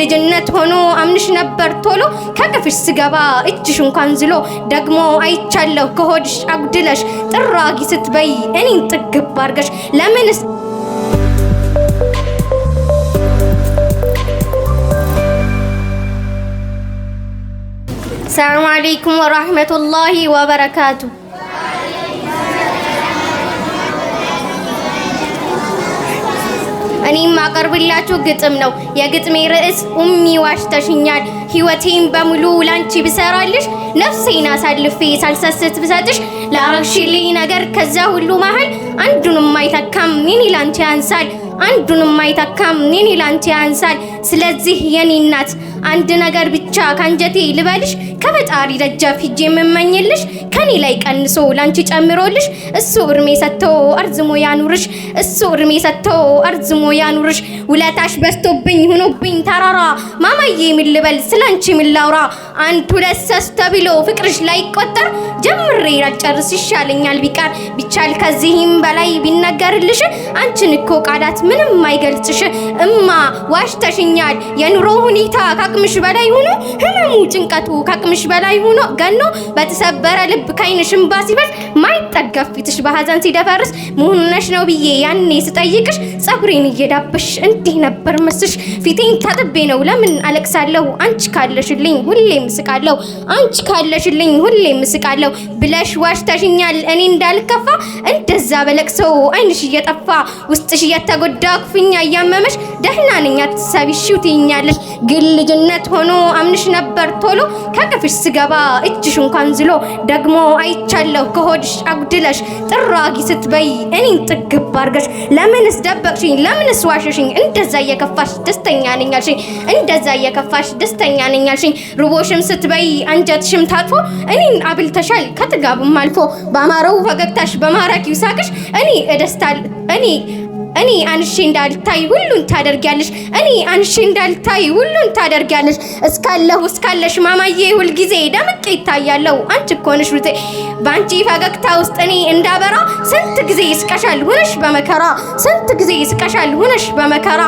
ልጅነት ሆኖ አምንሽ ነበር ቶሎ ከቅፍሽ ስገባ እጅሽ እንኳን ዝሎ ደግሞ አይቻለሁ ከሆድሽ አጉድለሽ ጥራጊ ስትበይ እኔን ጥግብ አርገሽ ለምንስ ሰላም አለይኩም ወራህመቱላሂ ወበረካቱ እኔ የማቀርብላችሁ ግጥም ነው። የግጥሜ ርዕስ ኡሚ ዋሽተሽኛል። ህይወቴን በሙሉ ላንቺ ብሰራልሽ ነፍሴን አሳልፌ ሳልሰስት ብሰጥሽ ለአረግሽልኝ ነገር ከዛ ሁሉ መሀል አንዱንም አይተካም እኔ ላንቺ ያንሳል አንዱንም አይተካም እኔ ላንቺ ያንሳል። ስለዚህ የኔ እናት አንድ ነገር ብቻ ካንጀቴ ልበልሽ ከፈጣሪ ደጃፍ ሂጄ የምመኝልሽ ከኔ ላይ ቀንሶ ላንቺ ጨምሮልሽ እሱ እርሜ ሰጥቶ አርዝሞ ያኑርሽ እሱ እርሜ ሰጥቶ አርዝሞ ያኑርሽ። ውለታሽ በዝቶብኝ ሆኖብኝ ተራራ ማማዬ ምን ልበል ስላንቺ ምን ላውራ አንድ ሁለት ሶስት ተብሎ ፍቅርሽ ላይ ቆጠር ጀምሬ ላጨርስ ይሻለኛል ቢቃር ቢቻል ከዚህም በላይ ቢነገርልሽ አንቺን እኮ ቃላት ምንም አይገልጽሽ እማ ዋሽተሽኛል። የኑሮ ሁኔታ ካቅምሽ በላይ ሆኖ ህመሙ ጭንቀቱ ካቅምሽ በላይ ሆኖ ገኖ በተሰበረ ልብ ልብ ከዓይንሽ እምባ ሲፈስ ማይጠገብ ፊትሽ በሀዘን ሲደፈርስ መሆንነሽ ነው ብዬ ያኔ ስጠይቅሽ ጸጉሬን እየዳበሽ እንዲህ ነበር መስሽ ፊቴን ታጥቤ ነው ለምን አለቅሳለሁ አንቺ ካለሽልኝ ሁሌም ስቃለሁ አንቺ ካለሽልኝ ሁሌም ስቃለሁ ብለሽ ዋሽተሽኛል እኔ እንዳልከፋ እንደዛ በለቅሰው ዓይንሽ እየጠፋ ውስጥሽ እየተጎዳ ኩፍኛ እያመመሽ ደህና ነኝ፣ አትሳቢ እሺው ትይኛለሽ። ግን ልጅነት ሆኖ አምንሽ ነበር ቶሎ ከቅፍሽ ስገባ እጅሽ እንኳን ዝሎ ደግሞ አይቻለሁ ከሆድሽ አጉድለሽ ጥራጊ ስትበይ እኔን ጥግብ አርገሽ ለምንስ ደበቅሽኝ? ለምንስ ዋሸሽኝ? እንደዛ እየከፋሽ ደስተኛ ነኝ አልሽኝ፣ እንደዛ እየከፋሽ ደስተኛ ነኝ አልሽኝ። ርቦሽም ስትበይ አንጀትሽም ታጥፎ እኔን አብልተሻል ከጥጋብም አልፎ ባማረው ፈገግታሽ በማራኪው ሳቅሽ እኔ እደስታል እኔ እኔ አንሼ እንዳልታይ ሁሉን ታደርጊያለሽ። እኔ አንሼ እንዳልታይ ሁሉን ታደርጊያለሽ። እስካለሁ እስካለሽ ማማዬ ሁልጊዜ ደምቄ ይታያለሁ። አንቺ እኮ ነሽ ሩቴ፣ በአንቺ ፈገግታ ውስጥ እኔ እንዳበራ። ስንት ጊዜ ይስቀሻል ሁነሽ በመከራ፣ ስንት ጊዜ ይስቀሻል ሁነሽ በመከራ።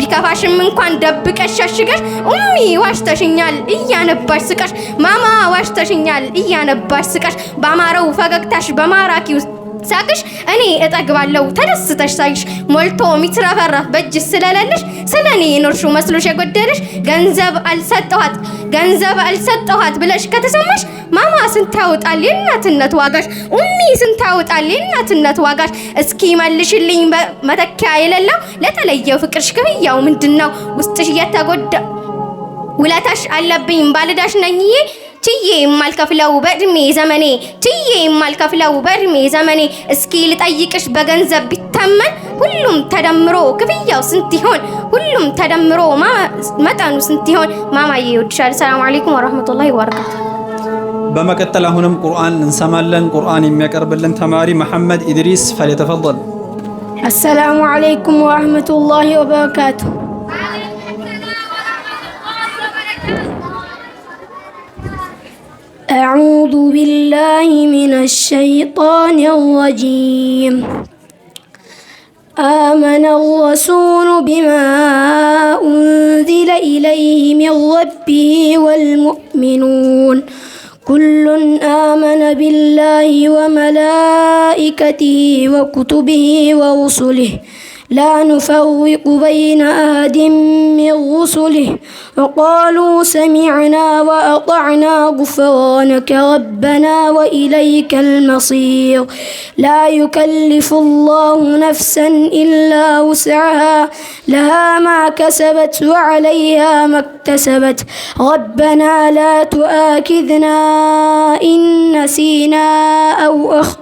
ቢከፋሽም እንኳን ደብቀሽ ሸሽገሽ ኡሚ ዋሽተሽኛል እያነባሽ ስቀሽ ማማ ዋሽተሽኛል እያነባሽ ስቀሽ ባማረው ፈገግታሽ በማራኪ ውስጥ ሳቅሽ እኔ እጠግባለሁ። ተደስተሽ ሳቅሽ ሞልቶ የሚትረፈረፍ በእጅ ስለሌለሽ ስለ እኔ የኖርሹ መስሎሽ የጎደልሽ ገንዘብ አልሰጠኋት ገንዘብ አልሰጠኋት ብለሽ ከተሰማሽ ማማ ስንታውጣል የእናትነት ዋጋሽ ኡሚ ስንታውጣል የእናትነት ዋጋሽ እስኪ መልሽልኝ መተኪያ የሌለው ለተለየው ፍቅርሽ ክፍያው ነው? ውስጥሽ እየተጎዳ ውለታሽ አለብኝ ባልዳሽ ነኝዬ ችዬ የማልከፍለው በእድሜ ዘመኔ ችዬ የማልከፍለው በእድሜ ዘመኔ እስኪ ልጠይቅሽ በገንዘብ ቢተመን ሁሉም ተደምሮ ክፍያው ስንት ይሆን? ሁሉም ተደምሮ መጠኑ ስንት ይሆን? ማማዬ ይወድሻል። ሰላም አለይኩም ወራህመቱላሂ ወበረካቱ። በመቀጠል አሁንም ቁርአን እንሰማለን። ቁርአን የሚያቀርብልን ተማሪ መሐመድ ኢድሪስ ፈለተፈضل። አሰላሙ አለይኩም ወራህመቱላሂ ወበረካቱ أعوذ بالله من الشيطان الرجيم آمن الرسول بما أنزل إليه من ربه والمؤمنون كل آمن بالله وملائكته وكتبه ورسله لا نفوق بين أحد من رسله وقالوا سمعنا وأطعنا غفرانك ربنا وإليك المصير لا يكلف الله نفسا إلا وسعها لها ما كسبت وعليها ما اكتسبت ربنا لا تؤاخذنا إن نسينا أو أخطأنا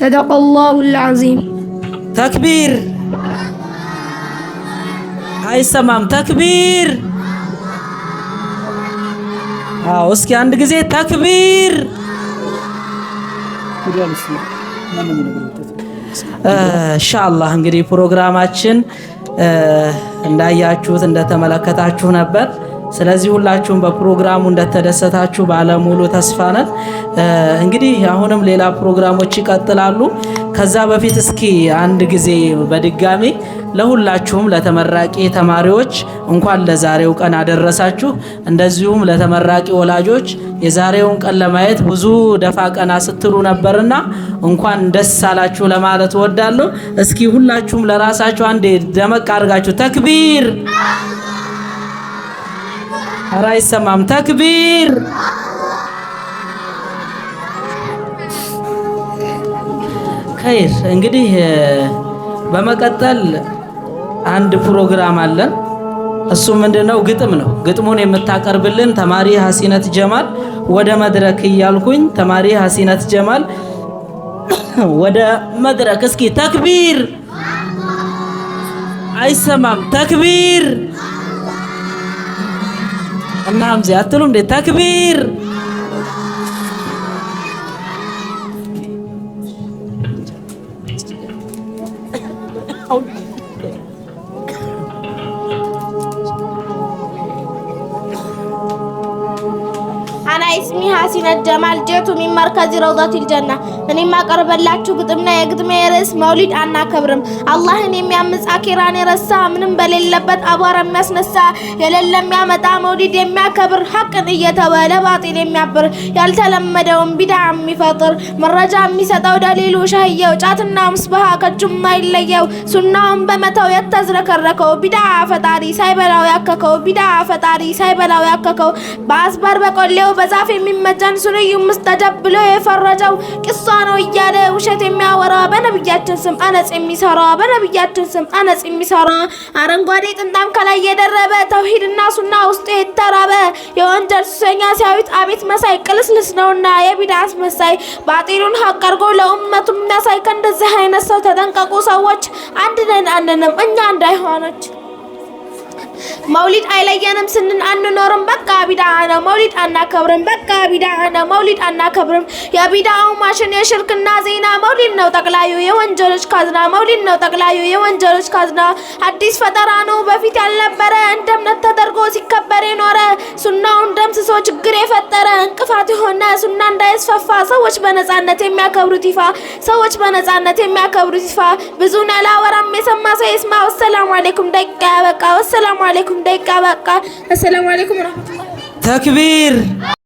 ሰደቀላሁል አዚም። ተክቢር አይሰማም። ተክቢር አዎ፣ እስኪ አንድ ጊዜ ተክቢር። ኢንሻአላህ እንግዲህ ፕሮግራማችን እንዳያችሁት እንደተመለከታችሁ ነበር። ስለዚህ ሁላችሁም በፕሮግራሙ እንደተደሰታችሁ ባለሙሉ ተስፋ ነን። እንግዲህ አሁንም ሌላ ፕሮግራሞች ይቀጥላሉ። ከዛ በፊት እስኪ አንድ ጊዜ በድጋሚ ለሁላችሁም ለተመራቂ ተማሪዎች እንኳን ለዛሬው ቀን አደረሳችሁ። እንደዚሁም ለተመራቂ ወላጆች የዛሬውን ቀን ለማየት ብዙ ደፋ ቀና ስትሉ ነበርና እንኳን ደስ አላችሁ ለማለት እወዳለሁ። እስኪ ሁላችሁም ለራሳችሁ አንዴ ደመቅ አድርጋችሁ ተክቢር ኧረ አይሰማም። ተክቢር ከይር። እንግዲህ በመቀጠል አንድ ፕሮግራም አለን። እሱ ምንድነው? ግጥም ነው። ግጥሙን የምታቀርብልን ተማሪ ሀሲነት ጀማል ወደ መድረክ እያልኩኝ፣ ተማሪ ሀሲነት ጀማል ወደ መድረክ። እስኪ ተክቢር አይሰማም። ተክቢር እና ሀምዜ አትሉ እንዴ? ተክቢር ኢስሚሃ ሲነት ጀማል ጀቱ ሚን መርከዚ ረውዳቲል ጀና። እኔም አቀርበላችሁ ግጥምና የግጥሜ ርዕስ መውሊድ አናከብርም። አላህን የሚያምጽ አኪራን የረሳ ምንም በሌለበት አቧራ የሚያስነሳ የሌለ የሚያመጣ መውሊድ የሚያከብር ሀቅን እየተወ ለባጢል የሚያብር ያልተለመደውን ቢዳ የሚፈጥር መረጃ የሚሰጠው ደሊሉ ሸህየው ጫትና ምስባሃ ከጁማ ይለየው ሱናውን በመተው የተዝረከረከው ቢዳ ፈጣሪ ሳይበላው ያከከው ቢዳ ፈጣሪ ሳይበላው ያከከው በአስባር በቆሌው በዛፍ የሚመጃን ሱነዩም ሙስጠጀብ ብሎ የፈረጀው ቅሷ ነው እያለ ውሸት የሚያወራ በነብያችን ስም አነጽ የሚሰራ በነብያችን ስም አነጽ የሚሰራ አረንጓዴ ጥምጣም ከላይ የደረበ ተውሂድና ሱና ውስጡ የተራበ የወንጀል ሱሰኛ ሲያዊት አቤት መሳይ ቅልስልስ ነውና የቢዳ አስመሳይ ባጢሉን ሀቅ አድርጎ ለኡመቱ የሚያሳይ ከእንደዚህ አይነት ሰው ተጠንቀቁ ሰዎች። አንድ ነን አንንም እኛ እንዳይሆነች መውሊድ አይለየንም ስንል አንኖርም። በቃ ቢዳ ነው መውሊድ አናከብርም። በቃ ቢዳ ነው መውሊድ አናከብርም። የቢዳው ማሽን የሽርክና ዜና መውሊድ ነው ጠቅላዩ የወንጀሎች ካዝና መውሊድ ነው ጠቅላዩ የወንጀሎች ካዝና አዲስ ፈጠራ ነው በፊት ያልነበረ እንደ እምነት ተደርጎ ሲከበር የኖረ ሱናውን ደምስሶ ችግር የፈጠረ እንቅፋት የሆነ ሱና እንዳይስፋፋ ሰዎች በነጻነት የሚያከብሩት ይፋ ሰዎች በነጻነት የሚያከብሩት ይፋ ብዙን ያላወራም የሰማ ሰው አለይኩም ደቂቃ ያበቃ። ወሰላሙ አለይኩም ደቂቃ ያበቃ። ወሰላሙ አለይኩም ረህመቱላህ። ተክቢር